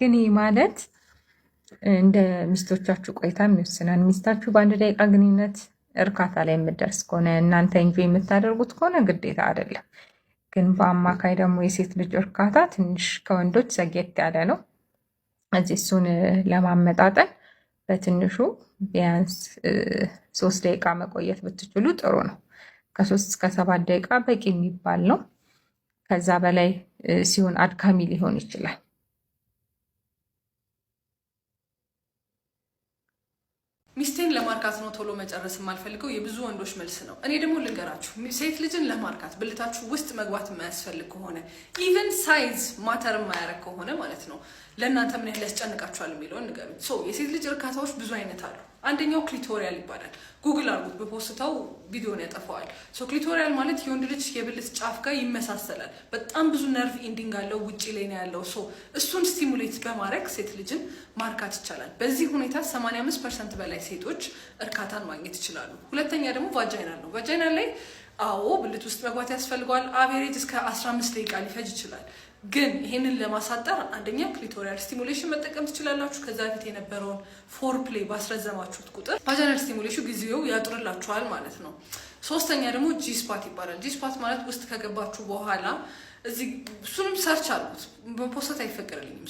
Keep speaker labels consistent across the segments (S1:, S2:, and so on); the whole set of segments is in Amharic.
S1: ግን ይህ ማለት እንደ ሚስቶቻችሁ ቆይታ ይወስናል። ሚስታችሁ በአንድ ደቂቃ ግንኙነት እርካታ ላይ የምደርስ ከሆነ እናንተ እንጂ የምታደርጉት ከሆነ ግዴታ አይደለም። ግን በአማካይ ደግሞ የሴት ልጅ እርካታ ትንሽ ከወንዶች ዘግየት ያለ ነው። እዚህ እሱን ለማመጣጠን በትንሹ ቢያንስ ሶስት ደቂቃ መቆየት ብትችሉ ጥሩ ነው። ከሶስት እስከ ሰባት ደቂቃ በቂ የሚባል ነው። ከዛ በላይ ሲሆን አድካሚ ሊሆን ይችላል። ሚስቴን ለማርካት ነው ቶሎ መጨረስ የማልፈልገው የብዙ ወንዶች መልስ ነው። እኔ ደግሞ ልንገራችሁ፣ ሴት ልጅን ለማርካት ብልታችሁ ውስጥ መግባት የማያስፈልግ ከሆነ ኢቨን ሳይዝ ማተር የማያረግ ከሆነ ማለት ነው ለእናንተ ምን ያህል ያስጨንቃችኋል የሚለውን ንገሩኝ። የሴት ልጅ እርካታዎች ብዙ አይነት አሉ። አንደኛው ክሊቶሪያል ይባላል። ጉግል አድርጉት፣ በፖስተው ቪዲዮን ያጠፋዋል። ሶ ክሊቶሪያል ማለት የወንድ ልጅ የብልት ጫፍ ጋር ይመሳሰላል። በጣም ብዙ ነርቭ ኢንዲንግ አለው፣ ውጪ ላይ ነው ያለው። ሶ እሱን ስቲሙሌት በማድረግ ሴት ልጅን ማርካት ይቻላል። በዚህ ሁኔታ 85 ፐርሰንት በላይ ሴቶች እርካታን ማግኘት ይችላሉ። ሁለተኛ ደግሞ ቫጃይናል ነው። ቫጃይናል ላይ አዎ ብልት ውስጥ መግባት ያስፈልገዋል። አቬሬጅ እስከ 15 ደቂቃ ሊፈጅ ይችላል። ግን ይሄንን ለማሳጠር አንደኛ ክሊቶሪያል ስቲሙሌሽን መጠቀም ትችላላችሁ። ከዛ ፊት የነበረውን ፎር ፕሌይ ባስረዘማችሁት ቁጥር ቫጃናል ስቲሙሌሽን ጊዜው ያጥርላችኋል ማለት ነው። ሶስተኛ ደግሞ ጂስፓት ይባላል። ጂስፓት ማለት ውስጥ ከገባችሁ በኋላ እዚህ እሱንም ሰርች አሉት በፖስት አይፈቀድልኝም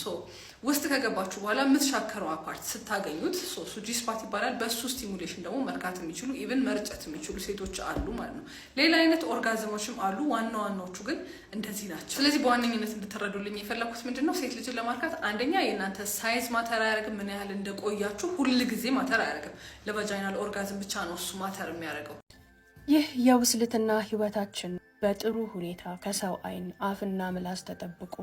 S1: ውስጥ ከገባችሁ በኋላ የምትሻከረው አፓርት ስታገኙት ሶሱ ጂስፓት ይባላል። በሱ ስቲሙሌሽን ደግሞ መርካት የሚችሉ ኢቨን መርጨት የሚችሉ ሴቶች አሉ ማለት ነው። ሌላ አይነት ኦርጋዝሞችም አሉ። ዋና ዋናዎቹ ግን እንደዚህ ናቸው። ስለዚህ በዋነኝነት እንድትረዱልኝ የፈለኩት ምንድን ነው፣ ሴት ልጅን ለማርካት አንደኛ የእናንተ ሳይዝ ማተር አያደርግም። ምን ያህል እንደቆያችሁ ሁል ጊዜ ማተር አያደርግም። ለቫጃይናል ኦርጋዝም ብቻ ነው እሱ ማተር የሚያደርገው። ይህ የውስልትና ህይወታችን በጥሩ ሁኔታ ከሰው አይን አፍና ምላስ ተጠብቆ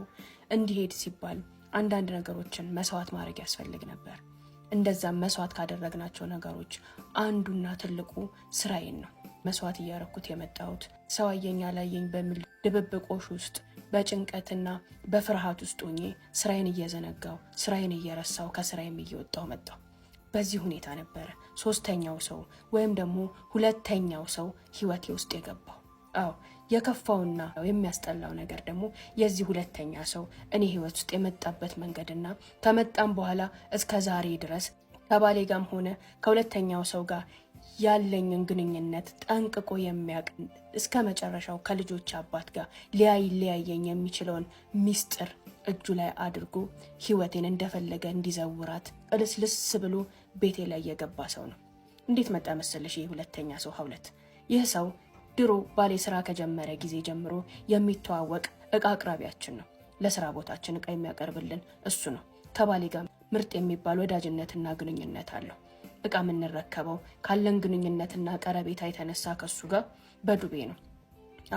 S1: እንዲሄድ ሲባል አንዳንድ ነገሮችን መስዋዕት ማድረግ ያስፈልግ ነበር። እንደዛም መስዋዕት ካደረግናቸው ነገሮች አንዱና ትልቁ ስራዬን ነው መስዋዕት እያረኩት የመጣሁት ሰው አየኝ አላየኝ በሚል ድብብቆሽ ውስጥ በጭንቀትና በፍርሃት ውስጥ ሆኜ ስራዬን እየዘነጋው ስራዬን እየረሳው ከስራዬም እየወጣው መጣው። በዚህ ሁኔታ ነበረ ሶስተኛው ሰው ወይም ደግሞ ሁለተኛው ሰው ህይወቴ ውስጥ የገባው። አዎ የከፋውና የሚያስጠላው ነገር ደግሞ የዚህ ሁለተኛ ሰው እኔ ህይወት ውስጥ የመጣበት መንገድና ከመጣም በኋላ እስከ ዛሬ ድረስ ከባሌ ሆነ ከሁለተኛው ሰው ጋር ያለኝን ግንኙነት ጠንቅቆ የሚያውቅ እስከ መጨረሻው ከልጆች አባት ጋር ሊያይ ሊያየኝ የሚችለውን ሚስጥር እጁ ላይ አድርጎ ህይወቴን እንደፈለገ እንዲዘውራት ቅልስልስ ብሎ ቤቴ ላይ የገባ ሰው ነው። እንዴት መጣ መሰለሽ? ይህ ሁለተኛ ሰው ሀውለት ይህ ሰው ድሮ ባሌ ስራ ከጀመረ ጊዜ ጀምሮ የሚተዋወቅ እቃ አቅራቢያችን ነው። ለስራ ቦታችን እቃ የሚያቀርብልን እሱ ነው። ከባሌ ጋር ምርጥ የሚባል ወዳጅነትና ግንኙነት አለው። እቃ የምንረከበው ካለን ግንኙነትና ቀረቤታ የተነሳ ከሱ ጋር በዱቤ ነው።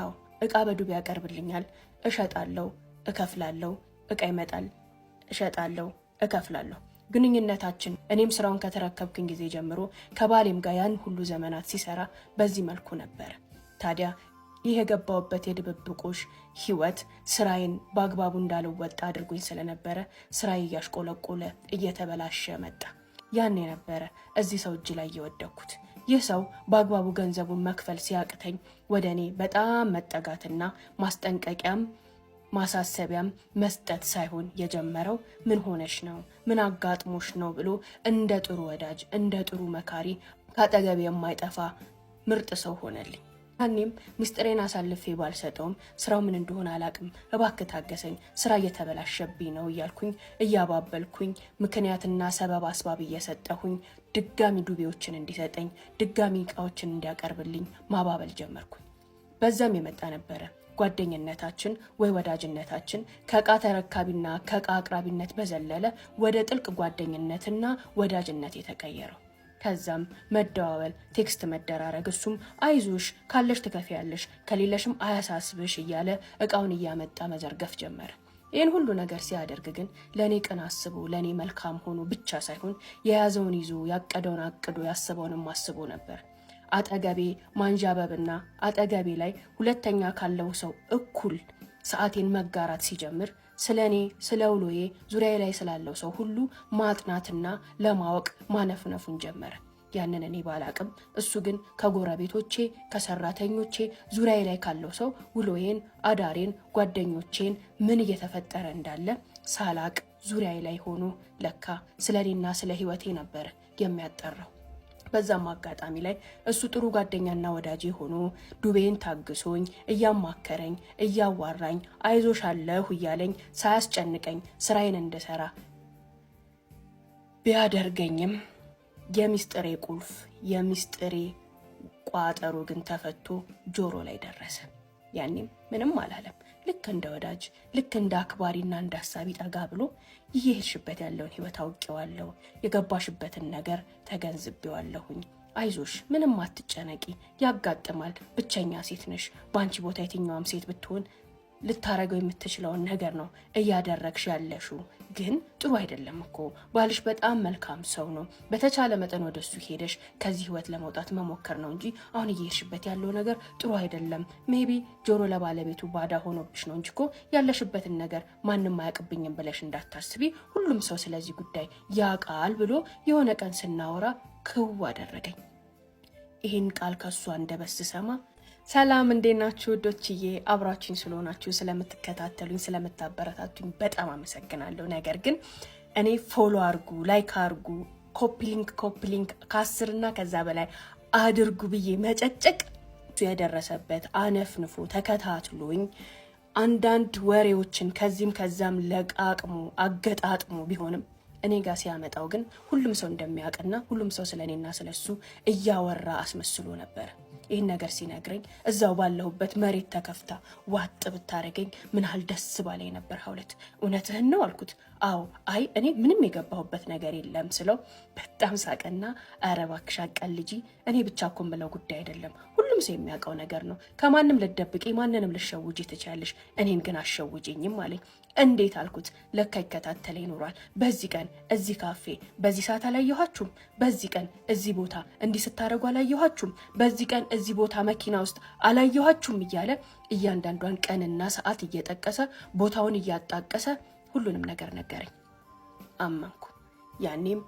S1: አዎ እቃ በዱቤ ያቀርብልኛል። እሸጣለው፣ እከፍላለው። እቃ ይመጣል፣ እሸጣለው፣ እከፍላለሁ። ግንኙነታችን እኔም ስራውን ከተረከብክን ጊዜ ጀምሮ ከባሌም ጋር ያን ሁሉ ዘመናት ሲሰራ በዚህ መልኩ ነበረ። ታዲያ ይህ የገባውበት የድብብቆሽ ህይወት ስራዬን በአግባቡ እንዳልወጣ አድርጎኝ ስለነበረ ስራዬ እያሽቆለቆለ እየተበላሸ መጣ። ያኔ ነበረ እዚህ ሰው እጅ ላይ እየወደኩት። ይህ ሰው በአግባቡ ገንዘቡን መክፈል ሲያቅተኝ ወደ እኔ በጣም መጠጋትና ማስጠንቀቂያም ማሳሰቢያም መስጠት ሳይሆን የጀመረው ምን ሆነሽ ነው፣ ምን አጋጥሞሽ ነው ብሎ እንደ ጥሩ ወዳጅ እንደ ጥሩ መካሪ ከአጠገብ የማይጠፋ ምርጥ ሰው ሆነልኝ። ያኔም ምስጢሬን አሳልፌ ባልሰጠውም ስራው ምን እንደሆነ አላቅም፣ እባክ ታገሰኝ፣ ስራ እየተበላሸብኝ ነው እያልኩኝ እያባበልኩኝ፣ ምክንያትና ሰበብ አስባብ እየሰጠሁኝ ድጋሚ ዱቤዎችን እንዲሰጠኝ ድጋሚ እቃዎችን እንዲያቀርብልኝ ማባበል ጀመርኩኝ። በዛም የመጣ ነበረ ጓደኝነታችን ወይ ወዳጅነታችን ከእቃ ተረካቢና ከእቃ አቅራቢነት በዘለለ ወደ ጥልቅ ጓደኝነትና ወዳጅነት የተቀየረው። ከዛም መደዋወል፣ ቴክስት መደራረግ፣ እሱም አይዞሽ ካለሽ ትከፍያለሽ ከሌለሽም አያሳስብሽ እያለ እቃውን እያመጣ መዘርገፍ ጀመረ። ይህን ሁሉ ነገር ሲያደርግ ግን ለእኔ ቅን አስቦ ለእኔ መልካም ሆኖ ብቻ ሳይሆን የያዘውን ይዞ ያቀደውን አቅዶ ያስበውንም አስቦ ነበር። አጠገቤ ማንዣበብና አጠገቤ ላይ ሁለተኛ ካለው ሰው እኩል ሰዓቴን መጋራት ሲጀምር ስለ እኔ ስለ ውሎዬ ዙሪያ ላይ ስላለው ሰው ሁሉ ማጥናትና ለማወቅ ማነፍነፉን ጀመረ። ያንን እኔ ባላቅም እሱ ግን ከጎረቤቶቼ፣ ከሰራተኞቼ፣ ዙሪያ ላይ ካለው ሰው ውሎዬን፣ አዳሬን፣ ጓደኞቼን ምን እየተፈጠረ እንዳለ ሳላቅ ዙሪያ ላይ ሆኖ ለካ ስለ እኔና ስለ ህይወቴ ነበር የሚያጠራው። በዛም አጋጣሚ ላይ እሱ ጥሩ ጓደኛና ወዳጅ ሆኖ ዱቤን ታግሶኝ እያማከረኝ እያዋራኝ አይዞሽ አለሁ እያለኝ ሳያስጨንቀኝ ስራዬን እንድሰራ ቢያደርገኝም የሚስጥሬ ቁልፍ የሚስጥሬ ቋጠሮ ግን ተፈቶ ጆሮ ላይ ደረሰ። ያኔም ምንም አላለም። ልክ እንደ ወዳጅ ልክ እንደ አክባሪና እንደ አሳቢ ጠጋ ብሎ እየሄድሽበት ያለውን ህይወት አውቄዋለሁ፣ የገባሽበትን ነገር ተገንዝቤዋለሁኝ። አይዞሽ፣ ምንም አትጨነቂ፣ ያጋጥማል። ብቸኛ ሴት ነሽ። በአንቺ ቦታ የትኛዋም ሴት ብትሆን ልታረገው የምትችለውን ነገር ነው እያደረግሽ ያለሹ። ግን ጥሩ አይደለም እኮ ባልሽ በጣም መልካም ሰው ነው። በተቻለ መጠን ወደሱ ሄደሽ ከዚህ ህይወት ለመውጣት መሞከር ነው እንጂ አሁን እየሄድሽበት ያለው ነገር ጥሩ አይደለም። ሜቢ ጆሮ ለባለቤቱ ባዳ ሆኖብሽ ነው እንጂ እኮ ያለሽበትን ነገር ማንም አያውቅብኝም ብለሽ እንዳታስቢ። ሁሉም ሰው ስለዚህ ጉዳይ ያውቃል ብሎ የሆነ ቀን ስናወራ ክው አደረገኝ። ይህን ቃል ከሱ እንደበስ ስሰማ ሰላም እንዴት ናችሁ ዶችዬ? አብራችሁኝ ስለሆናችሁ ስለምትከታተሉኝ ስለምታበረታቱኝ በጣም አመሰግናለሁ። ነገር ግን እኔ ፎሎ አርጉ፣ ላይክ አርጉ፣ ኮፒሊንክ ኮፒሊንክ ከአስር ከዛ በላይ አድርጉ ብዬ መጨጨቅ የደረሰበት አነፍንፎ ተከታትሎኝ አንዳንድ ወሬዎችን ከዚህም ከዛም ለቃቅሞ አገጣጥሞ ቢሆንም እኔ ጋር ሲያመጣው ግን ሁሉም ሰው እንደሚያውቅና ሁሉም ሰው ስለ እኔና ስለሱ እያወራ አስመስሎ ነበር። ይህን ነገር ሲነግረኝ እዛው ባለሁበት መሬት ተከፍታ ዋጥ ብታደረገኝ ምን ያህል ደስ ባለኝ ነበር። ሀውለት እውነትህን ነው አልኩት። አዎ፣ አይ እኔ ምንም የገባሁበት ነገር የለም ስለው በጣም ሳቀና፣ ኧረ እባክሽ ልጂ እኔ ብቻ እኮ የምለው ጉዳይ አይደለም ሁሉም ሰው የሚያውቀው ነገር ነው። ከማንም ልትደብቂ ማንንም ልሸውጂ ትችያለሽ፣ እኔን ግን አሸውጂኝም አለኝ። እንዴት አልኩት። ለካ ይከታተል ይኖሯል። በዚህ ቀን እዚህ ካፌ በዚህ ሰዓት አላየኋችሁም፣ በዚህ ቀን እዚህ ቦታ እንዲህ ስታደርጉ አላየኋችሁም፣ በዚህ ቀን እዚህ ቦታ መኪና ውስጥ አላየኋችሁም እያለ እያንዳንዷን ቀንና ሰዓት እየጠቀሰ ቦታውን እያጣቀሰ ሁሉንም ነገር ነገረኝ። አመንኩ። ያኔም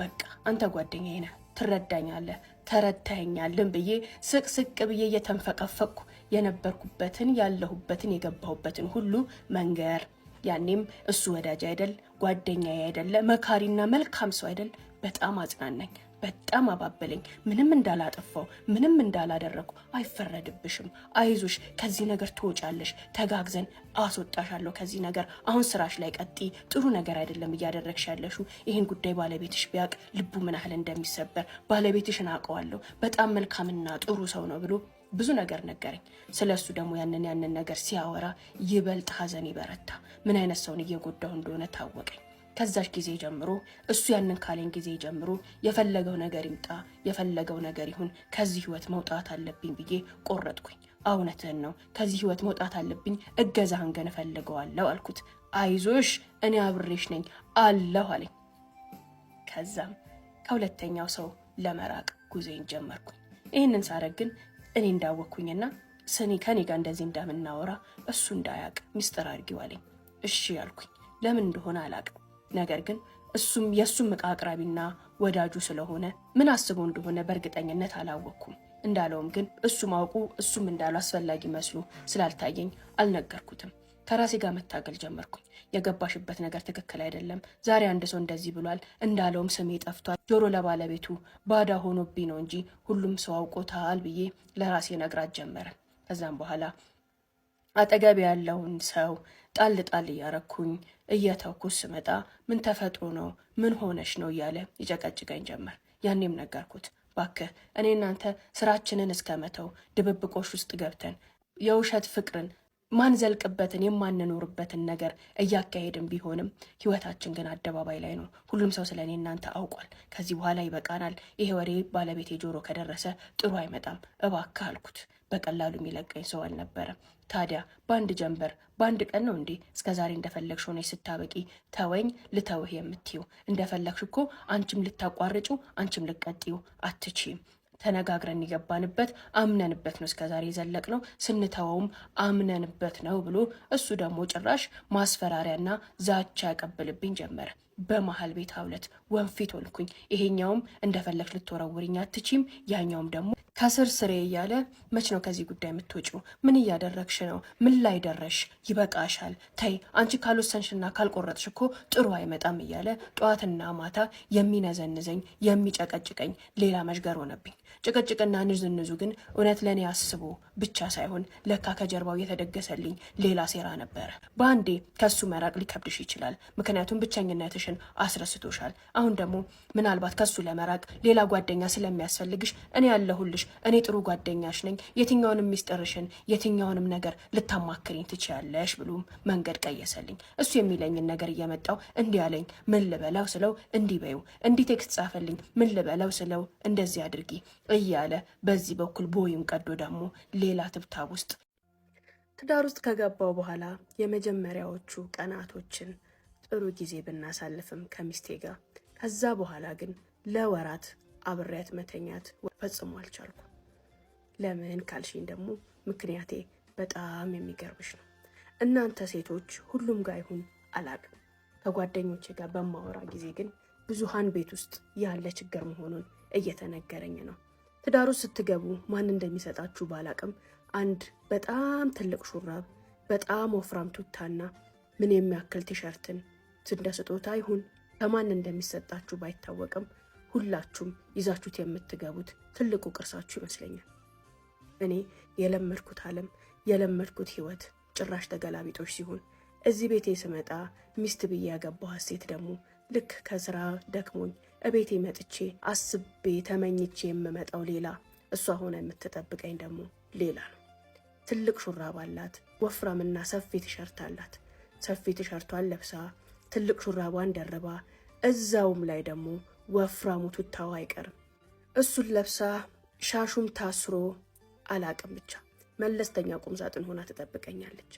S1: በቃ አንተ ጓደኛዬ ነህ፣ ትረዳኛለህ፣ ተረድተኸኛልን ብዬ ስቅ ስቅ ብዬ እየተንፈቀፈቅኩ የነበርኩበትን ያለሁበትን የገባሁበትን ሁሉ መንገር ያኔም እሱ ወዳጅ አይደል ጓደኛ አይደለ መካሪና መልካም ሰው አይደል በጣም አጽናናኝ፣ በጣም አባበለኝ። ምንም እንዳላጠፋው ምንም እንዳላደረግኩ አይፈረድብሽም፣ አይዞሽ፣ ከዚህ ነገር ትወጫለሽ፣ ተጋግዘን አስወጣሻለሁ ከዚህ ነገር። አሁን ስራሽ ላይ ቀጥይ፣ ጥሩ ነገር አይደለም እያደረግሽ ያለሹ። ይህን ጉዳይ ባለቤትሽ ቢያውቅ ልቡ ምን ያህል እንደሚሰበር ባለቤትሽን አውቀዋለሁ፣ በጣም መልካምና ጥሩ ሰው ነው ብሎ ብዙ ነገር ነገረኝ። ስለ እሱ ደግሞ ያንን ያንን ነገር ሲያወራ ይበልጥ ሀዘን ይበረታ፣ ምን አይነት ሰውን እየጎዳው እንደሆነ ታወቀኝ። ከዛች ጊዜ ጀምሮ እሱ ያንን ካለኝ ጊዜ ጀምሮ የፈለገው ነገር ይምጣ፣ የፈለገው ነገር ይሁን፣ ከዚህ ህይወት መውጣት አለብኝ ብዬ ቆረጥኩኝ። እውነትህን ነው፣ ከዚህ ህይወት መውጣት አለብኝ፣ እገዛህን ግን እፈልገዋለሁ አልኩት። አይዞሽ፣ እኔ አብሬሽ ነኝ አለሁ አለኝ። ከዛም ከሁለተኛው ሰው ለመራቅ ጉዞዬን ጀመርኩኝ። ይህንን ሳረግ ግን እኔ እንዳወቅኩኝና ሰኔ ከኔ ጋር እንደዚህ እንደምናወራ እሱ እንዳያውቅ ሚስጥር አድርጊው አለኝ። እሺ ያልኩኝ ለምን እንደሆነ አላውቅም። ነገር ግን እሱም የእሱም እቃ አቅራቢና ወዳጁ ስለሆነ ምን አስቦ እንደሆነ በእርግጠኝነት አላወቅኩም። እንዳለውም ግን እሱ ማውቁ እሱም እንዳለው አስፈላጊ መስሎ ስላልታየኝ አልነገርኩትም። ከራሴ ጋር መታገል ጀመርኩኝ። የገባሽበት ነገር ትክክል አይደለም። ዛሬ አንድ ሰው እንደዚህ ብሏል እንዳለውም ስሜ ጠፍቷል። ጆሮ ለባለቤቱ ባዳ ሆኖብኝ ነው እንጂ ሁሉም ሰው አውቆታል ብዬ ለራሴ ነግራት ጀመረ። ከዛም በኋላ አጠገብ ያለውን ሰው ጣል ጣል እያረኩኝ እየተኩስ ስመጣ ምን ተፈጥሮ ነው ምን ሆነሽ ነው እያለ ይጨቀጭቀኝ ጀመር። ያኔም ነገርኩት፣ ባክህ እኔ እናንተ ስራችንን እስከመተው ድብብቆሽ ውስጥ ገብተን የውሸት ፍቅርን ማንዘልቅበትን የማንኖርበትን ነገር እያካሄድን ቢሆንም ህይወታችን ግን አደባባይ ላይ ነው። ሁሉም ሰው ስለ እኔ እናንተ አውቋል። ከዚህ በኋላ ይበቃናል። ይሄ ወሬ ባለቤቴ ጆሮ ከደረሰ ጥሩ አይመጣም። እባክህ አልኩት። በቀላሉ የሚለቀኝ ሰው አልነበረም። ታዲያ በአንድ ጀንበር በአንድ ቀን ነው እንዴ እስከዛሬ እንደፈለግሽ ሆነች ስታበቂ ተወኝ ልተውህ የምትይው? እንደፈለግሽ እኮ አንቺም ልታቋርጩ አንቺም ልቀጥዩ አትችም። ተነጋግረን የገባንበት አምነንበት ነው እስከዛሬ የዘለቅ ነው ስንተወውም አምነንበት ነው ብሎ እሱ ደግሞ ጭራሽ ማስፈራሪያና ዛቻ ያቀብልብኝ ጀመረ። በመሀል ቤት አውለት ወንፊት ሆንኩኝ። ይሄኛውም እንደፈለግሽ ልትወረውርኝ አትችም፣ ያኛውም ደግሞ ከስር ስሬ እያለ መች ነው ከዚህ ጉዳይ የምትወጪው? ምን እያደረግሽ ነው? ምን ላይ ደረሽ? ይበቃሻል። ተይ አንቺ ካልወሰንሽና ካልቆረጥሽ እኮ ጥሩ አይመጣም እያለ ጠዋትና ማታ የሚነዘንዘኝ የሚጨቀጭቀኝ ሌላ መዥገር ሆነብኝ። ጭቅጭቅና ንዝንዙ ግን እውነት ለእኔ አስቦ ብቻ ሳይሆን ለካ ከጀርባው የተደገሰልኝ ሌላ ሴራ ነበረ። በአንዴ ከሱ መራቅ ሊከብድሽ ይችላል፣ ምክንያቱም ብቸኝነትሽን አስረስቶሻል። አሁን ደግሞ ምናልባት ከሱ ለመራቅ ሌላ ጓደኛ ስለሚያስፈልግሽ እኔ ያለሁልሽ፣ እኔ ጥሩ ጓደኛሽ ነኝ። የትኛውንም ሚስጥርሽን የትኛውንም ነገር ልታማክሪኝ ትችያለሽ ብሎ መንገድ ቀየሰልኝ። እሱ የሚለኝን ነገር እየመጣው እንዲህ ያለኝ ምን ልበለው ስለው እንዲህ በይው። እንዲህ ቴክስት ጻፈልኝ። ምን ልበለው ስለው እንደዚህ አድርጊ እያለ በዚህ በኩል ቦይም ቀዶ ደግሞ ሌላ ትብታብ ውስጥ ትዳር ውስጥ ከገባው በኋላ የመጀመሪያዎቹ ቀናቶችን ጥሩ ጊዜ ብናሳልፍም ከሚስቴ ጋር ከዛ በኋላ ግን ለወራት አብሬያት መተኛት ፈጽሞ አልቻልኩ። ለምን ካልሽኝ ደግሞ ምክንያቴ በጣም የሚገርምሽ ነው። እናንተ ሴቶች ሁሉም ጋር ይሁን አላቅም፣ ከጓደኞቼ ጋር በማወራ ጊዜ ግን ብዙሃን ቤት ውስጥ ያለ ችግር መሆኑን እየተነገረኝ ነው። ትዳሩ ስትገቡ ማን እንደሚሰጣችሁ ባላቅም አንድ በጣም ትልቅ ሹራብ፣ በጣም ወፍራም ቱታና ምን የሚያክል ቲሸርትን እንደ ስጦታ ይሁን ከማን እንደሚሰጣችሁ ባይታወቅም ሁላችሁም ይዛችሁት የምትገቡት ትልቁ ቅርሳችሁ ይመስለኛል። እኔ የለመድኩት ዓለም የለመድኩት ህይወት ጭራሽ ተገላቢጦች ሲሆን እዚህ ቤቴ ስመጣ ሚስት ብዬ ያገባኋት ሴት ደግሞ ልክ ከስራ ደክሞኝ እቤቴ መጥቼ አስቤ ተመኝቼ የምመጣው ሌላ፣ እሷ ሆነ የምትጠብቀኝ ደግሞ ሌላ ነው። ትልቅ ሹራብ አላት፣ ወፍራምና ሰፊ ቲሸርት አላት። ሰፊ ቲሸርቷን ለብሳ ትልቅ ሹራቧን ደርባ እዛውም ላይ ደግሞ ወፍራሙ ቱታው አይቀርም እሱን ለብሳ ሻሹም ታስሮ አላቅም ብቻ መለስተኛ ቁም ሳጥን ሆና ትጠብቀኛለች።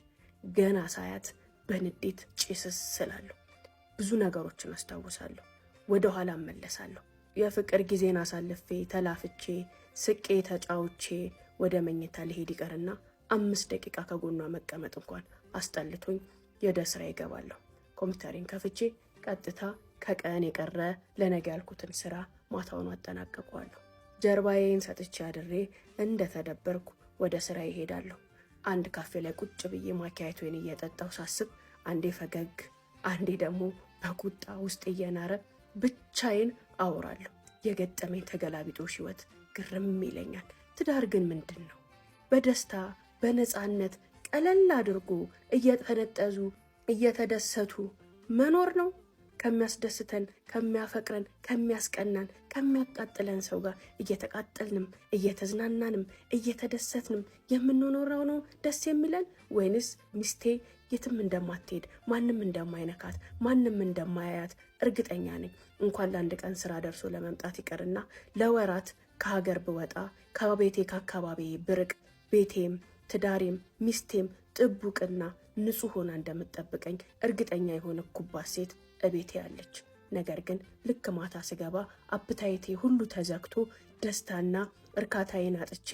S1: ገና ሳያት በንዴት ጭስስ ስላለሁ ብዙ ነገሮችን አስታውሳለሁ። ወደ ኋላ እመለሳለሁ። የፍቅር ጊዜን አሳልፌ ተላፍቼ ስቄ ተጫውቼ ወደ መኝታ ልሄድ ይቀርና አምስት ደቂቃ ከጎኗ መቀመጥ እንኳን አስጠልቶኝ ወደ ስራ ይገባለሁ። ኮምፒውተሬን ከፍቼ ቀጥታ ከቀን የቀረ ለነገ ያልኩትን ስራ ማታውን አጠናቀቀዋለሁ። ጀርባዬን ሰጥቼ አድሬ እንደተደበርኩ ወደ ስራ ይሄዳለሁ። አንድ ካፌ ላይ ቁጭ ብዬ ማኪያቶን እየጠጣው ሳስብ አንዴ ፈገግ አንዴ ደግሞ በቁጣ ውስጥ እየናረ ብቻዬን አወራለሁ። የገጠመኝ ተገላቢጦሽ ህይወት ግርም ይለኛል። ትዳር ግን ምንድን ነው? በደስታ በነፃነት ቀለል አድርጎ እየተነጠዙ እየተደሰቱ መኖር ነው። ከሚያስደስተን፣ ከሚያፈቅረን፣ ከሚያስቀናን፣ ከሚያቃጥለን ሰው ጋር እየተቃጠልንም እየተዝናናንም እየተደሰትንም የምንኖረው ነው ደስ የሚለን ወይንስ ሚስቴ የትም እንደማትሄድ ማንም እንደማይነካት ማንም እንደማያያት እርግጠኛ ነኝ። እንኳን ለአንድ ቀን ስራ ደርሶ ለመምጣት ይቅርና ለወራት ከሀገር ብወጣ ከቤቴ ከአካባቢ ብርቅ ቤቴም ትዳሬም ሚስቴም ጥቡቅና ንጹህ ሆና እንደምጠብቀኝ እርግጠኛ የሆነ ኩባት ሴት እቤቴ ያለች። ነገር ግን ልክ ማታ ስገባ አፕታይቴ ሁሉ ተዘግቶ ደስታና እርካታዬን አጥቼ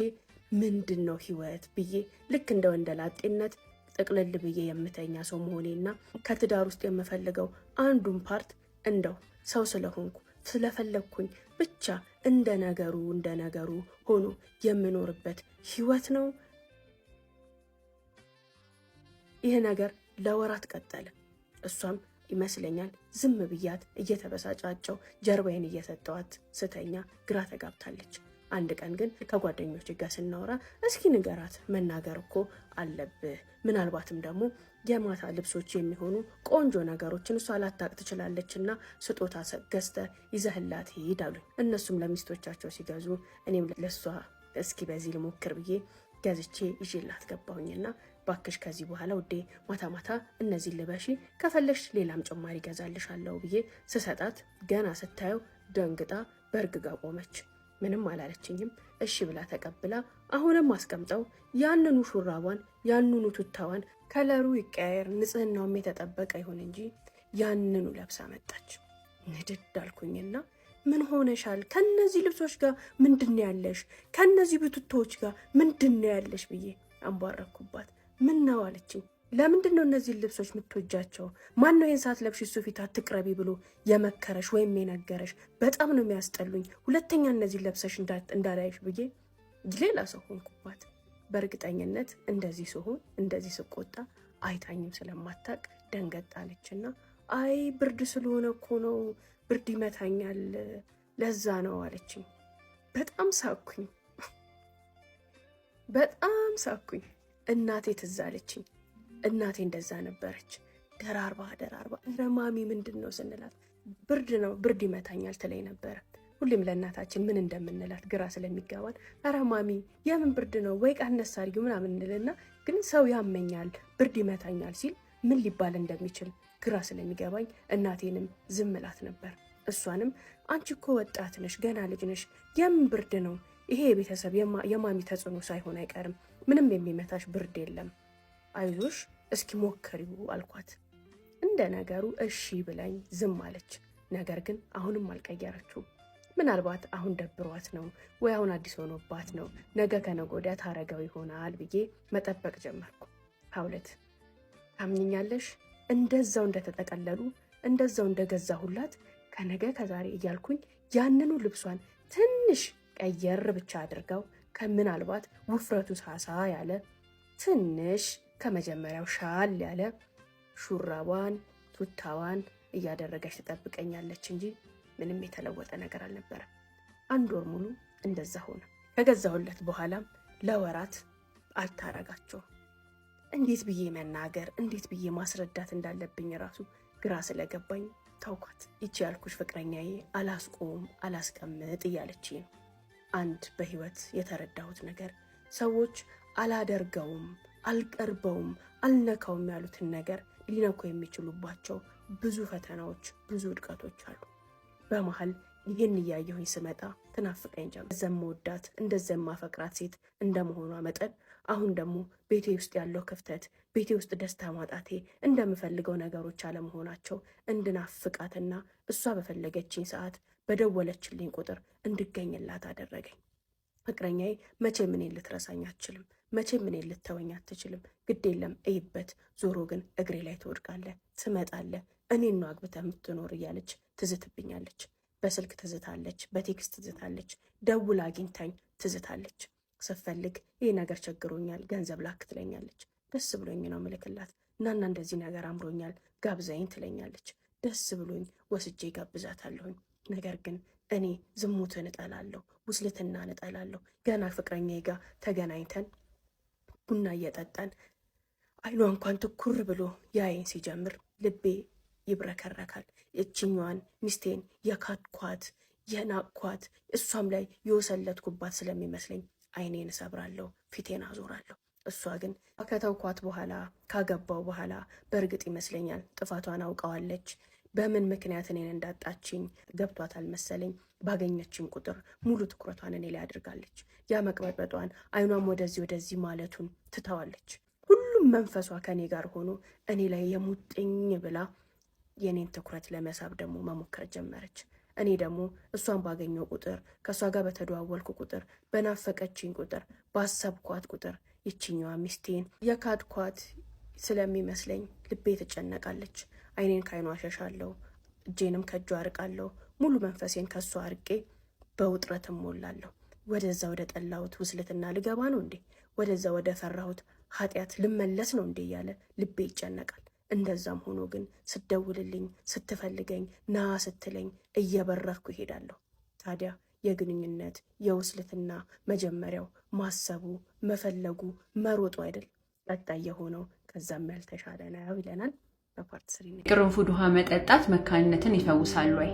S1: ምንድን ነው ህይወት ብዬ ልክ እንደ ወንደላጤነት ጥቅልል ብዬ የምተኛ ሰው መሆኔና ከትዳር ውስጥ የምፈልገው አንዱን ፓርት እንደው ሰው ስለሆንኩ ስለፈለግኩኝ ብቻ እንደ ነገሩ እንደ ነገሩ ሆኖ የምኖርበት ህይወት ነው። ይህ ነገር ለወራት ቀጠለ። እሷም ይመስለኛል ዝም ብያት እየተበሳጫቸው ጀርባዬን እየሰጠዋት ስተኛ ግራ ተጋብታለች። አንድ ቀን ግን ከጓደኞች ጋር ስናወራ እስኪ ንገራት መናገር እኮ አለብህ፣ ምናልባትም ደግሞ የማታ ልብሶች የሚሆኑ ቆንጆ ነገሮችን እሷ ላታቅ ትችላለችና ስጦታ ገዝተ ይዘህላት ይሄድ አሉኝ። እነሱም ለሚስቶቻቸው ሲገዙ እኔም ለእሷ እስኪ በዚህ ልሞክር ብዬ ገዝቼ ይዤላት ገባሁኝና ባክሽ ከዚህ በኋላ ውዴ ማታ ማታ እነዚህ ልበሺ፣ ከፈለሽ ሌላም ጭማሪ ገዛልሻለሁ ብዬ ስሰጣት ገና ስታየው ደንግጣ በእርግጋ ቆመች። ምንም አላለችኝም። እሺ ብላ ተቀብላ አሁንም አስቀምጠው ያንኑ ሹራቧን ያንኑ ቱታዋን ከለሩ ይቀያየር ንጽህናውም የተጠበቀ ይሁን እንጂ ያንኑ ለብሳ መጣች። ንድድ አልኩኝና ምን ሆነሻል? ከነዚህ ልብሶች ጋር ምንድን ያለሽ? ከነዚህ ብትቶዎች ጋር ምንድን ያለሽ ብዬ አንቧረኩባት። ምን ነው አለችኝ። ለምንድን ነው እነዚህን ልብሶች የምትወጃቸው? ማን ነው ይህን ሰዓት ለብሽ እሱ ፊት አትቅረቢ ብሎ የመከረሽ ወይም የነገረሽ? በጣም ነው የሚያስጠሉኝ። ሁለተኛ እነዚህን ለብሰሽ እንዳላይሽ ብዬ ሌላ ሰው ሆንኩባት። በእርግጠኝነት እንደዚህ ስሆን እንደዚህ ስቆጣ አይታኝም ስለማታቅ ደንገጥ አለችና አይ ብርድ ስለሆነ እኮ ነው ብርድ ይመታኛል ለዛ ነው አለችኝ። በጣም ሳኩኝ፣ በጣም ሳኩኝ። እናቴ ትዝ አለችኝ። እናቴ እንደዛ ነበረች። ደራርባ ደራርባ እረ ማሚ ምንድን ነው ስንላት ብርድ ነው ብርድ ይመታኛል ትለኝ ነበረ። ሁሌም ለእናታችን ምን እንደምንላት ግራ ስለሚገባን ኧረ ማሚ የምን ብርድ ነው ወይ ቀነስ አድርጊው ምናምን እንልና ግን ሰው ያመኛል ብርድ ይመታኛል ሲል ምን ሊባል እንደሚችል ግራ ስለሚገባኝ እናቴንም ዝም እላት ነበር። እሷንም አንቺ እኮ ወጣት ነሽ፣ ገና ልጅ ነሽ፣ የምን ብርድ ነው ይሄ የቤተሰብ የማሚ ተጽዕኖ ሳይሆን አይቀርም ምንም የሚመታሽ ብርድ የለም አይዞሽ እስኪ ሞክሪው አልኳት። እንደ ነገሩ እሺ ብላኝ ዝም አለች። ነገር ግን አሁንም አልቀየረችው ምናልባት አሁን ደብሯት ነው ወይ አሁን አዲስ ሆኖባት ነው ነገ ከነጎዳ ታረገው ይሆናል ብዬ መጠበቅ ጀመርኩ። ሀውለት ታምኝኛለሽ? እንደዛው እንደተጠቀለሉ እንደዛው እንደገዛሁላት ከነገ ከዛሬ እያልኩኝ ያንኑ ልብሷን ትንሽ ቀየር ብቻ አድርገው ከምናልባት ውፍረቱ ሳሳ ያለ ትንሽ ከመጀመሪያው ሻል ያለ ሹራቧን ቱታዋን እያደረገች ትጠብቀኛለች እንጂ ምንም የተለወጠ ነገር አልነበረም። አንድ ወር ሙሉ እንደዛ ሆነ። ከገዛሁለት በኋላም ለወራት አልታረጋቸው እንዴት ብዬ መናገር እንዴት ብዬ ማስረዳት እንዳለብኝ ራሱ ግራ ስለገባኝ ታውኳት። ይቺ ያልኩሽ ፍቅረኛዬ አላስቆም አላስቀምጥ እያለች ነው አንድ በህይወት የተረዳሁት ነገር ሰዎች አላደርገውም፣ አልቀርበውም፣ አልነካውም ያሉትን ነገር ሊነኩ የሚችሉባቸው ብዙ ፈተናዎች፣ ብዙ ውድቀቶች አሉ። በመሀል ይህን እያየሁኝ ስመጣ ትናፍቀኝ ጀመር። እንደዚያ መወዳት እንደዚያ የማፈቅራት ሴት እንደመሆኗ መጠን አሁን ደግሞ ቤቴ ውስጥ ያለው ክፍተት፣ ቤቴ ውስጥ ደስታ ማጣቴ፣ እንደምፈልገው ነገሮች አለመሆናቸው እንድናፍቃትና እሷ በፈለገችኝ ሰዓት በደወለችልኝ ቁጥር እንድገኝላት አደረገኝ። ፍቅረኛዬ መቼ ምን ልትረሳኝ አትችልም፣ መቼ ምን ልትተወኝ አትችልም። ግድ የለም እይበት፣ ዞሮ ግን እግሬ ላይ ትወድቃለህ፣ ትመጣለህ፣ እኔን ነው አግብተህ የምትኖር እያለች ትዝትብኛለች። በስልክ ትዝታለች፣ በቴክስት ትዝታለች፣ ደውላ አግኝታኝ ትዝታለች። ስፈልግ ይህ ነገር ቸግሮኛል፣ ገንዘብ ላክ ትለኛለች። ደስ ብሎኝ ነው ምልክላት። እናና እንደዚህ ነገር አምሮኛል፣ ጋብዛይን ትለኛለች። ደስ ብሎኝ ወስጄ ጋብዛታለሁኝ። ነገር ግን እኔ ዝሙትን እጠላለሁ፣ ውስልትናን እጠላለሁ። ገና ፍቅረኛ ጋር ተገናኝተን ቡና እየጠጣን አይኗ እንኳን ትኩር ብሎ ያይን ሲጀምር ልቤ ይብረከረካል። የችኛዋን ሚስቴን የካድኳት የናቅኳት እሷም ላይ የወሰለትኩባት ስለሚመስለኝ አይኔን እሰብራለሁ፣ ፊቴን አዞራለሁ። እሷ ግን ከተውኳት በኋላ ካገባው በኋላ በእርግጥ ይመስለኛል ጥፋቷን አውቀዋለች። በምን ምክንያት እኔን እንዳጣችኝ ገብቷታል መሰለኝ። ባገኘችኝ ቁጥር ሙሉ ትኩረቷን እኔ ላይ አድርጋለች። ያ መቅበጥበጧን፣ አይኗም ወደዚህ ወደዚህ ማለቱን ትተዋለች። ሁሉም መንፈሷ ከእኔ ጋር ሆኖ እኔ ላይ የሙጥኝ ብላ የእኔን ትኩረት ለመሳብ ደግሞ መሞከር ጀመረች። እኔ ደግሞ እሷን ባገኘው ቁጥር ከእሷ ጋር በተደዋወልኩ ቁጥር በናፈቀችኝ ቁጥር ባሰብኳት ቁጥር ይችኛዋ ሚስቴን የካድኳት ስለሚመስለኝ ልቤ ትጨነቃለች። አይኔን ከአይኗ አሸሻለሁ፣ እጄንም ከእጁ አርቃለሁ። ሙሉ መንፈሴን ከሱ አርቄ በውጥረትም ሞላለሁ። ወደዛ ወደ ጠላሁት ውስልትና ልገባ ነው እንዴ? ወደዛ ወደ ፈራሁት ኃጢአት ልመለስ ነው እንዴ? እያለ ልቤ ይጨነቃል። እንደዛም ሆኖ ግን ስደውልልኝ ስትፈልገኝ፣ ና ስትለኝ እየበረርኩ ይሄዳለሁ። ታዲያ የግንኙነት የውስልትና መጀመሪያው ማሰቡ መፈለጉ መሮጡ አይደል? ቀጣይ የሆነው ከዛም ያልተሻለ ነው ይለናል።
S2: ቅርንፉድ ውሃ መጠጣት መካንነትን ይፈውሳል ወይ?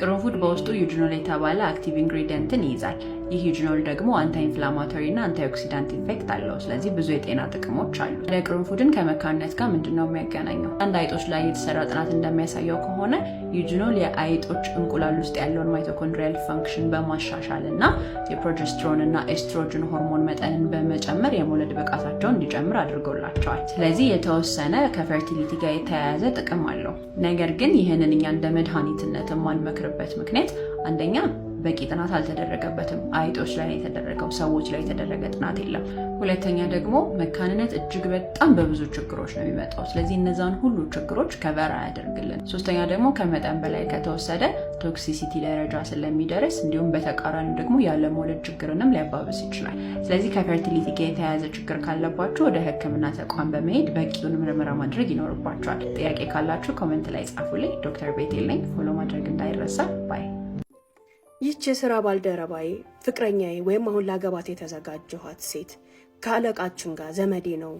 S2: ቅርንፉድ በውስጡ ዩጅኖል የተባለ አክቲቭ ኢንግሪዲየንትን ይይዛል። ይህ ደግሞ አንታ ኢንፍላማቶሪ እና አንታ ኦክሲዳንት ኢፌክት አለው። ስለዚህ ብዙ የጤና ጥቅሞች አሉ። ታዲያ ቅርንፉድን ከመካንነት ጋር ምንድን ነው የሚያገናኘው? አንድ አይጦች ላይ የተሰራ ጥናት እንደሚያሳየው ከሆነ ሂጅኖል የአይጦች እንቁላል ውስጥ ያለውን ማይቶኮንድሪያል ፋንክሽን በማሻሻል እና የፕሮጀስትሮን እና ኤስትሮጅን ሆርሞን መጠንን በመጨመር የመውለድ ብቃታቸውን እንዲጨምር አድርጎላቸዋል። ስለዚህ የተወሰነ ከፈርቲሊቲ ጋር የተያያዘ ጥቅም አለው። ነገር ግን ይህንን እኛ እንደ መድኃኒትነት የማንመክርበት ምክንያት አንደኛ በቂ ጥናት አልተደረገበትም። አይጦች ላይ የተደረገው ሰዎች ላይ የተደረገ ጥናት የለም። ሁለተኛ ደግሞ መካንነት እጅግ በጣም በብዙ ችግሮች ነው የሚመጣው። ስለዚህ እነዛን ሁሉ ችግሮች ከበር አያደርግልን። ሶስተኛ ደግሞ ከመጠን በላይ ከተወሰደ ቶክሲሲቲ ደረጃ ስለሚደርስ እንዲሁም በተቃራኒ ደግሞ ያለመውለድ ችግርንም ሊያባብስ ይችላል። ስለዚህ ከፈርቲሊቲ ጋር የተያያዘ ችግር ካለባችሁ ወደ ሕክምና ተቋም በመሄድ በቂውን ምርመራ ማድረግ ይኖርባቸዋል። ጥያቄ ካላችሁ ኮመንት ላይ ጻፉልኝ። ዶክተር ቤቴል ነኝ። ፎሎ ማድረግ እንዳይረሳ ባይ
S1: ይች የስራ ባልደረባዬ ፍቅረኛዬ፣ ወይም አሁን ላገባት የተዘጋጀኋት ሴት ከአለቃችን ጋር ዘመዴ ነው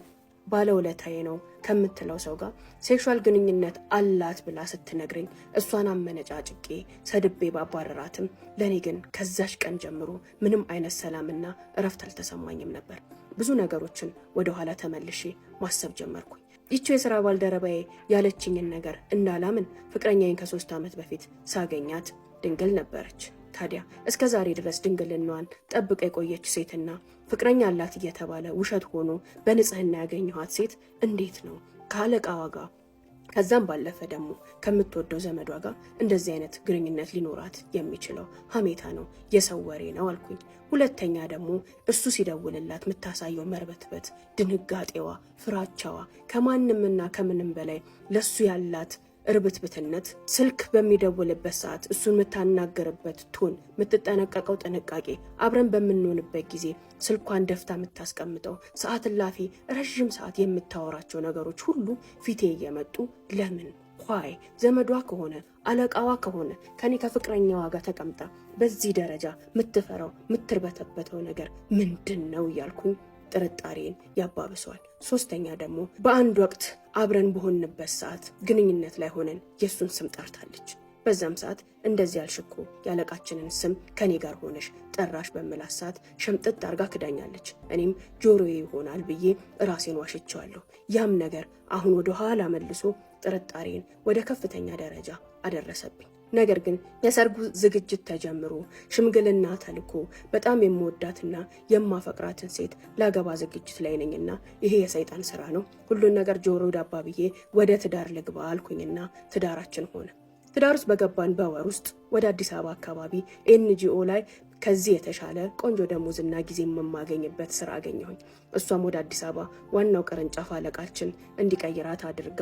S1: ባለውለታዬ ነው ከምትለው ሰው ጋር ሴክሹዋል ግንኙነት አላት ብላ ስትነግረኝ እሷን አመነጫጭቄ ሰድቤ ባባረራትም ለእኔ ግን ከዛሽ ቀን ጀምሮ ምንም አይነት ሰላምና እረፍት አልተሰማኝም ነበር። ብዙ ነገሮችን ወደኋላ ተመልሼ ማሰብ ጀመርኩኝ። ይቺው የስራ ባልደረባዬ ያለችኝን ነገር እንዳላምን ፍቅረኛዬን ከሶስት ዓመት በፊት ሳገኛት ድንግል ነበረች። ታዲያ እስከ ዛሬ ድረስ ድንግልናዋን ጠብቀ የቆየች ሴትና ፍቅረኛ አላት እየተባለ ውሸት ሆኖ በንጽህና ያገኘኋት ሴት እንዴት ነው ከአለቃዋ ጋር ከዛም ባለፈ ደግሞ ከምትወደው ዘመዷ ጋር እንደዚህ አይነት ግንኙነት ሊኖራት የሚችለው ሀሜታ ነው፣ የሰው ወሬ ነው አልኩኝ። ሁለተኛ ደግሞ እሱ ሲደውልላት የምታሳየው መርበትበት፣ ድንጋጤዋ፣ ፍራቻዋ ከማንምና ከምንም በላይ ለሱ ያላት እርብትብትነት ስልክ በሚደውልበት ሰዓት እሱን የምታናገርበት ቶን፣ የምትጠነቀቀው ጥንቃቄ፣ አብረን በምንሆንበት ጊዜ ስልኳን ደፍታ የምታስቀምጠው ሰዓት እላፊ፣ ረዥም ሰዓት የምታወራቸው ነገሮች ሁሉ ፊቴ እየመጡ ለምን ኳይ ዘመዷ ከሆነ አለቃዋ ከሆነ ከኔ ከፍቅረኛዋ ጋር ተቀምጣ በዚህ ደረጃ የምትፈራው የምትርበተበተው ነገር ምንድን ነው እያልኩኝ ጥርጣሬን ያባብሰዋል። ሶስተኛ ደግሞ በአንድ ወቅት አብረን በሆንበት ሰዓት ግንኙነት ላይ ሆነን የእሱን ስም ጠርታለች። በዛም ሰዓት እንደዚህ አልሽኮ ያለቃችንን ስም ከኔ ጋር ሆነሽ ጠራሽ በምላት ሰዓት ሸምጥጥ አርጋ ክዳኛለች። እኔም ጆሮዬ ይሆናል ብዬ ራሴን ዋሽቸዋለሁ። ያም ነገር አሁን ወደ ኋላ መልሶ ጥርጣሬን ወደ ከፍተኛ ደረጃ አደረሰብኝ። ነገር ግን የሰርጉ ዝግጅት ተጀምሮ ሽምግልና ተልኮ በጣም የምወዳትና የማፈቅራትን ሴት ላገባ ዝግጅት ላይ ነኝና ይሄ የሰይጣን ስራ ነው፣ ሁሉን ነገር ጆሮ ዳባ ብዬ ወደ ትዳር ልግባ አልኩኝና ትዳራችን ሆነ። ትዳር ውስጥ በገባን በወር ውስጥ ወደ አዲስ አበባ አካባቢ ኤንጂኦ ላይ ከዚህ የተሻለ ቆንጆ ደሞዝና ጊዜ የማገኝበት ስራ አገኘሁኝ። እሷም ወደ አዲስ አበባ ዋናው ቅርንጫፍ አለቃችን እንዲቀይራት አድርጋ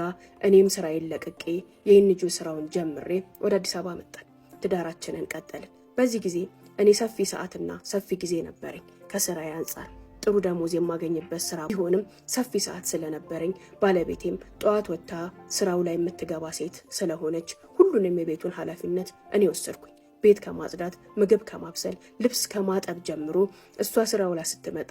S1: እኔም ስራዬን ለቅቄ የኤንጆ ስራውን ጀምሬ ወደ አዲስ አበባ መጣን። ትዳራችንን ቀጠልን። በዚህ ጊዜ እኔ ሰፊ ሰዓትና ሰፊ ጊዜ ነበረኝ። ከስራዬ አንጻር ጥሩ ደሞዝ የማገኝበት ስራ ቢሆንም ሰፊ ሰዓት ስለነበረኝ ባለቤቴም ጠዋት ወጥታ ስራው ላይ የምትገባ ሴት ስለሆነች ሁሉንም የቤቱን ኃላፊነት እኔ ወሰድኩኝ። ቤት ከማጽዳት፣ ምግብ ከማብሰል፣ ልብስ ከማጠብ ጀምሮ እሷ ስራ ውላ ስትመጣ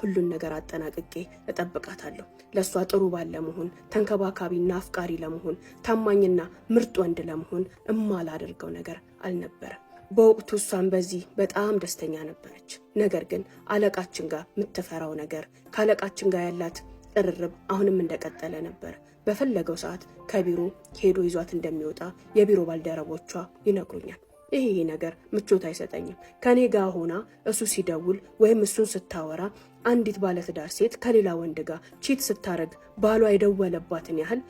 S1: ሁሉን ነገር አጠናቅቄ እጠብቃታለሁ። ለእሷ ጥሩ ባል ለመሆን፣ ተንከባካቢና አፍቃሪ ለመሆን፣ ታማኝና ምርጥ ወንድ ለመሆን እማላደርገው ነገር አልነበረም። በወቅቱ እሷን በዚህ በጣም ደስተኛ ነበረች። ነገር ግን አለቃችን ጋር የምትፈራው ነገር ከአለቃችን ጋር ያላት ቅርርብ አሁንም እንደቀጠለ ነበር። በፈለገው ሰዓት ከቢሮ ሄዶ ይዟት እንደሚወጣ የቢሮ ባልደረቦቿ ይነግሩኛል። ይሄ ይሄ ነገር ምቾት አይሰጠኝም። ከኔ ጋር ሆና እሱ ሲደውል ወይም እሱን ስታወራ አንዲት ባለትዳር ሴት ከሌላ ወንድ ጋር ቺት ስታረግ ባሏ የደወለባትን ያህል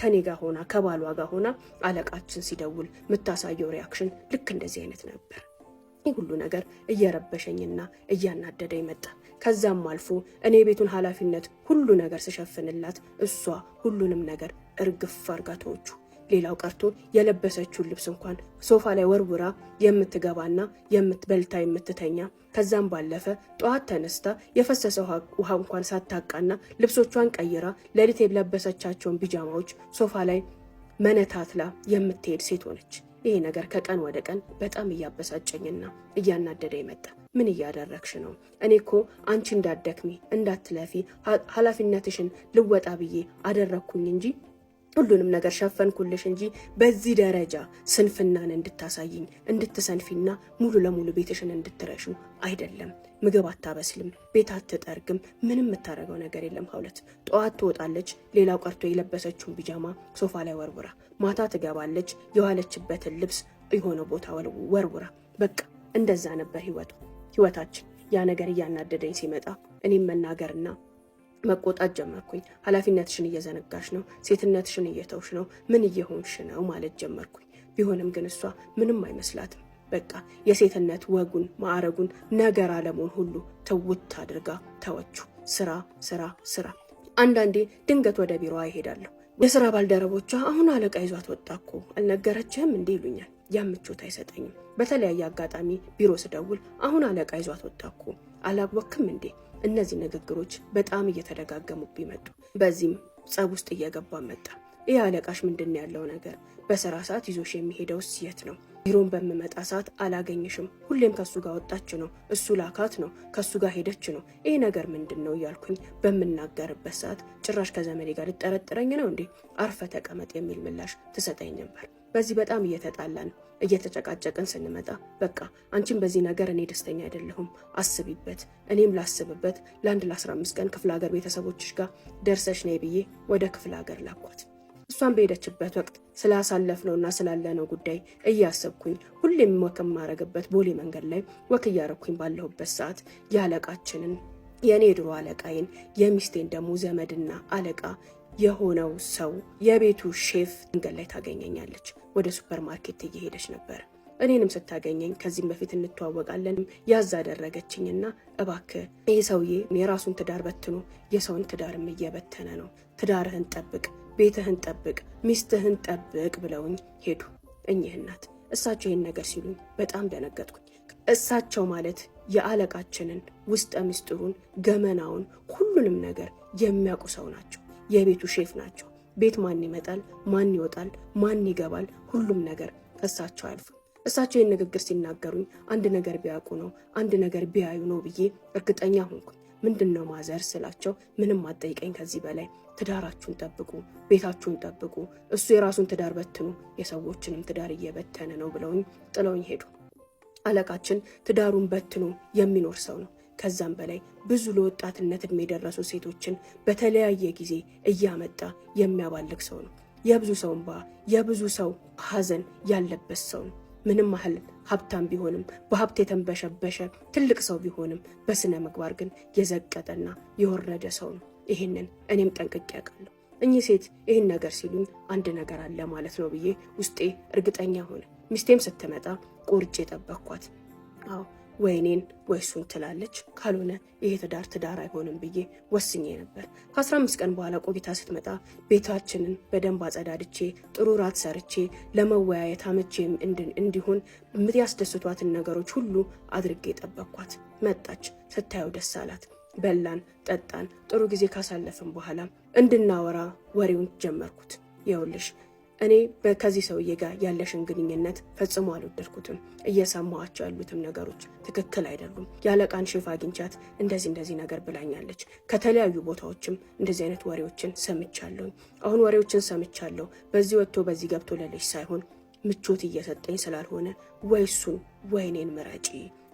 S1: ከኔ ጋር ሆና ከባሏ ጋር ሆና አለቃችን ሲደውል የምታሳየው ሪያክሽን ልክ እንደዚህ አይነት ነበር። ይህ ሁሉ ነገር እየረበሸኝና እያናደደኝ መጣ። ከዛም አልፎ እኔ የቤቱን ኃላፊነት ሁሉ ነገር ስሸፍንላት እሷ ሁሉንም ነገር እርግፍ አርጋ ተወችው። ሌላው ቀርቶ የለበሰችውን ልብስ እንኳን ሶፋ ላይ ወርውራ የምትገባና በልታ የምትተኛ ከዛም ባለፈ ጠዋት ተነስታ የፈሰሰ ውሃ እንኳን ሳታቃና ልብሶቿን ቀይራ ለሊት የለበሰቻቸውን ቢጃማዎች ሶፋ ላይ መነታትላ የምትሄድ ሴት ሆነች። ይሄ ነገር ከቀን ወደ ቀን በጣም እያበሳጨኝና እያናደደ የመጣ ምን እያደረግሽ ነው? እኔ እኮ አንቺ እንዳትደክሚ እንዳትለፊ ኃላፊነትሽን ልወጣ ብዬ አደረግኩኝ እንጂ ሁሉንም ነገር ሸፈንኩልሽ እንጂ በዚህ ደረጃ ስንፍናን እንድታሳይኝ እንድትሰንፊና ሙሉ ለሙሉ ቤትሽን እንድትረሹ አይደለም። ምግብ አታበስልም፣ ቤት አትጠርግም፣ ምንም የምታደርገው ነገር የለም። ሀውለት ጠዋት ትወጣለች፣ ሌላው ቀርቶ የለበሰችውን ቢጃማ ሶፋ ላይ ወርውራ፣ ማታ ትገባለች፣ የዋለችበትን ልብስ የሆነ ቦታ ወርውራ። በቃ እንደዛ ነበር ህይወቱ ህይወታችን። ያ ነገር እያናደደኝ ሲመጣ እኔም መናገርና መቆጣት ጀመርኩኝ። ኃላፊነትሽን እየዘነጋሽ ነው፣ ሴትነትሽን እየተውሽ ነው፣ ምን እየሆንሽ ነው ማለት ጀመርኩኝ። ቢሆንም ግን እሷ ምንም አይመስላትም። በቃ የሴትነት ወጉን ማዕረጉን ነገር አለመሆን ሁሉ ትውት አድርጋ ተወቹ ስራ ስራ ስራ። አንዳንዴ ድንገት ወደ ቢሮዋ ይሄዳለሁ። የስራ ባልደረቦቿ አሁን አለቃ ይዟት ወጣ እኮ አልነገረችህም እንዲህ ይሉኛል። ያም ምቾት አይሰጠኝም። በተለያየ አጋጣሚ ቢሮ ስደውል አሁን አለቃ ይዟት ወጣ እኮ እንዴ እነዚህ ንግግሮች በጣም እየተደጋገሙብኝ መጡ። በዚህም ጸብ ውስጥ እየገባ መጣ። ይህ አለቃሽ ምንድን ነው ያለው ነገር? በስራ ሰዓት ይዞሽ የሚሄደውስ የት ነው? ቢሮን በምመጣ ሰዓት አላገኝሽም። ሁሌም ከሱ ጋር ወጣች ነው፣ እሱ ላካት ነው፣ ከሱ ጋር ሄደች ነው። ይሄ ነገር ምንድን ነው እያልኩኝ በምናገርበት ሰዓት ጭራሽ ከዘመዴ ጋር ልጠረጥረኝ ነው እንዴ? አርፈ ተቀመጥ የሚል ምላሽ ትሰጠኝ ነበር። በዚህ በጣም እየተጣላን እየተጨቃጨቅን ስንመጣ በቃ አንቺም በዚህ ነገር እኔ ደስተኛ አይደለሁም፣ አስቢበት፣ እኔም ላስብበት፣ ለአንድ ለ ቀን ክፍለ ሀገር ቤተሰቦችሽ ጋር ደርሰሽ ነይ ብዬ ወደ ክፍለ ሀገር ላኳት። እሷን በሄደችበት ወቅት ስላሳለፍነውና ስላለነው ጉዳይ እያሰብኩኝ ሁሌም ወክ የማረግበት ቦሌ መንገድ ላይ ወክ እያረግኩኝ ባለሁበት ሰዓት የአለቃችንን የእኔ ድሮ አለቃይን የሚስቴን ደግሞ ዘመድና አለቃ የሆነው ሰው የቤቱ ሼፍ መንገድ ላይ ታገኘኛለች። ወደ ሱፐር ማርኬት እየሄደች ነበር። እኔንም ስታገኘኝ ከዚህም በፊት እንተዋወቃለን ያዝ አደረገችኝና እባክ ይህ ሰውዬ የራሱን ትዳር በትኖ የሰውን ትዳርም እየበተነ ነው። ትዳርህን ጠብቅ፣ ቤትህን ጠብቅ፣ ሚስትህን ጠብቅ ብለውኝ ሄዱ እኚህ እናት። እሳቸው ይህን ነገር ሲሉኝ በጣም ደነገጥኩኝ። እሳቸው ማለት የአለቃችንን ውስጠ ምስጢሩን ገመናውን ሁሉንም ነገር የሚያውቁ ሰው ናቸው። የቤቱ ሼፍ ናቸው። ቤት ማን ይመጣል፣ ማን ይወጣል፣ ማን ይገባል፣ ሁሉም ነገር እሳቸው አያልፉም። እሳቸው ይህን ንግግር ሲናገሩኝ አንድ ነገር ቢያውቁ ነው አንድ ነገር ቢያዩ ነው ብዬ እርግጠኛ ሆንኩኝ። ምንድን ነው ማዘር ስላቸው፣ ምንም አጠይቀኝ ከዚህ በላይ ትዳራችሁን ጠብቁ፣ ቤታችሁን ጠብቁ፣ እሱ የራሱን ትዳር በትኑ፣ የሰዎችንም ትዳር እየበተነ ነው ብለውኝ ጥለውኝ ሄዱ። አለቃችን ትዳሩን በትኖ የሚኖር ሰው ነው። ከዛም በላይ ብዙ ለወጣትነት እድሜ የደረሱ ሴቶችን በተለያየ ጊዜ እያመጣ የሚያባልግ ሰው ነው። የብዙ ሰው እንባ፣ የብዙ ሰው ሐዘን ያለበት ሰው ነው። ምንም ያህል ሀብታም ቢሆንም በሀብት የተንበሸበሸ ትልቅ ሰው ቢሆንም በስነ ምግባር ግን የዘቀጠና የወረደ ሰው ነው። ይህንን እኔም ጠንቅቄ ያውቃለሁ። እኚህ ሴት ይህን ነገር ሲሉኝ አንድ ነገር አለ ማለት ነው ብዬ ውስጤ እርግጠኛ ሆነ። ሚስቴም ስትመጣ ቆርጬ የጠበቅኳት። አዎ ወይኔን ወይሱን ትላለች። ካልሆነ ይሄ ትዳር ትዳር አይሆንም ብዬ ወስኜ ነበር። ከ15 ቀን በኋላ ቆይታ ስትመጣ ቤታችንን በደንብ አጸዳድቼ ጥሩ ራት ሰርቼ ለመወያየት አመቼም እንዲሆን ያስደስቷትን ነገሮች ሁሉ አድርጌ ጠበቅኳት። መጣች። ስታየው ደስ አላት። በላን፣ ጠጣን። ጥሩ ጊዜ ካሳለፍን በኋላ እንድናወራ ወሬውን ጀመርኩት። የውልሽ እኔ ከዚህ ሰውዬ ጋር ያለሽን ግንኙነት ፈጽሞ አልወደድኩትም። እየሰማኋቸው ያሉትም ነገሮች ትክክል አይደሉም። የአለቃን ሼፍ አግኝቻት እንደዚህ እንደዚህ ነገር ብላኛለች። ከተለያዩ ቦታዎችም እንደዚህ አይነት ወሬዎችን ሰምቻለሁ። አሁን ወሬዎችን ሰምቻለሁ። በዚህ ወጥቶ በዚህ ገብቶ ለልጅ ሳይሆን ምቾት እየሰጠኝ ስላልሆነ ወይ እሱን ወይ እኔን ምረጪ።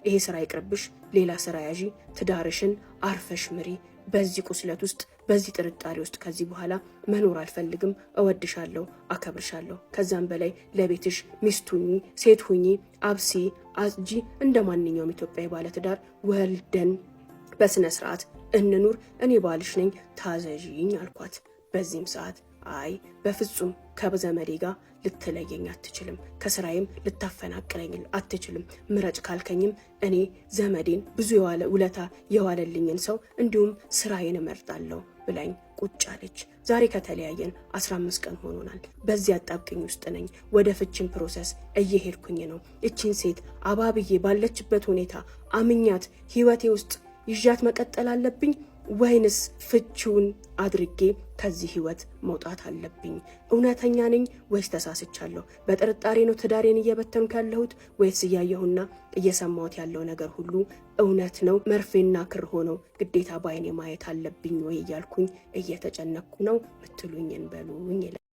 S1: ይሄ ስራ ይቅርብሽ፣ ሌላ ስራ ያዢ፣ ትዳርሽን አርፈሽ ምሪ በዚህ ቁስለት ውስጥ በዚህ ጥርጣሬ ውስጥ ከዚህ በኋላ መኖር አልፈልግም። እወድሻለሁ፣ አከብርሻለሁ። ከዛም በላይ ለቤትሽ ሚስት ሁኚ፣ ሴት ሁኚ፣ አብሲ አጂ እንደ ማንኛውም ኢትዮጵያዊ ባለትዳር ወልደን በስነ ስርዓት እንኑር። እኔ ባልሽ ነኝ ታዘዥኝ አልኳት። በዚህም ሰዓት አይ በፍጹም ከዘመዴ ጋር ልትለየኝ አትችልም። ከስራዬም ልታፈናቅለኝ አትችልም። ምረጭ ካልከኝም እኔ ዘመዴን ብዙ የዋለ ውለታ የዋለልኝን ሰው እንዲሁም ስራዬን እመርጣለሁ ብላኝ ቁጭ አለች። ዛሬ ከተለያየን 15 ቀን ሆኖናል። በዚህ አጣብቅኝ ውስጥ ነኝ። ወደ ፍችን ፕሮሰስ እየሄድኩኝ ነው። እችን ሴት አባብዬ ባለችበት ሁኔታ አምኛት ህይወቴ ውስጥ ይዣት መቀጠል አለብኝ ወይንስ ፍቺውን አድርጌ ከዚህ ህይወት መውጣት አለብኝ? እውነተኛ ነኝ ወይስ ተሳስቻለሁ? በጥርጣሬ ነው ትዳሬን እየበተንኩ ያለሁት ወይስ እያየሁና እየሰማሁት ያለው ነገር ሁሉ እውነት ነው? መርፌና ክር ሆነው ግዴታ በአይኔ ማየት አለብኝ ወይ እያልኩኝ እየተጨነኩ ነው። ምትሉኝን በሉኝ።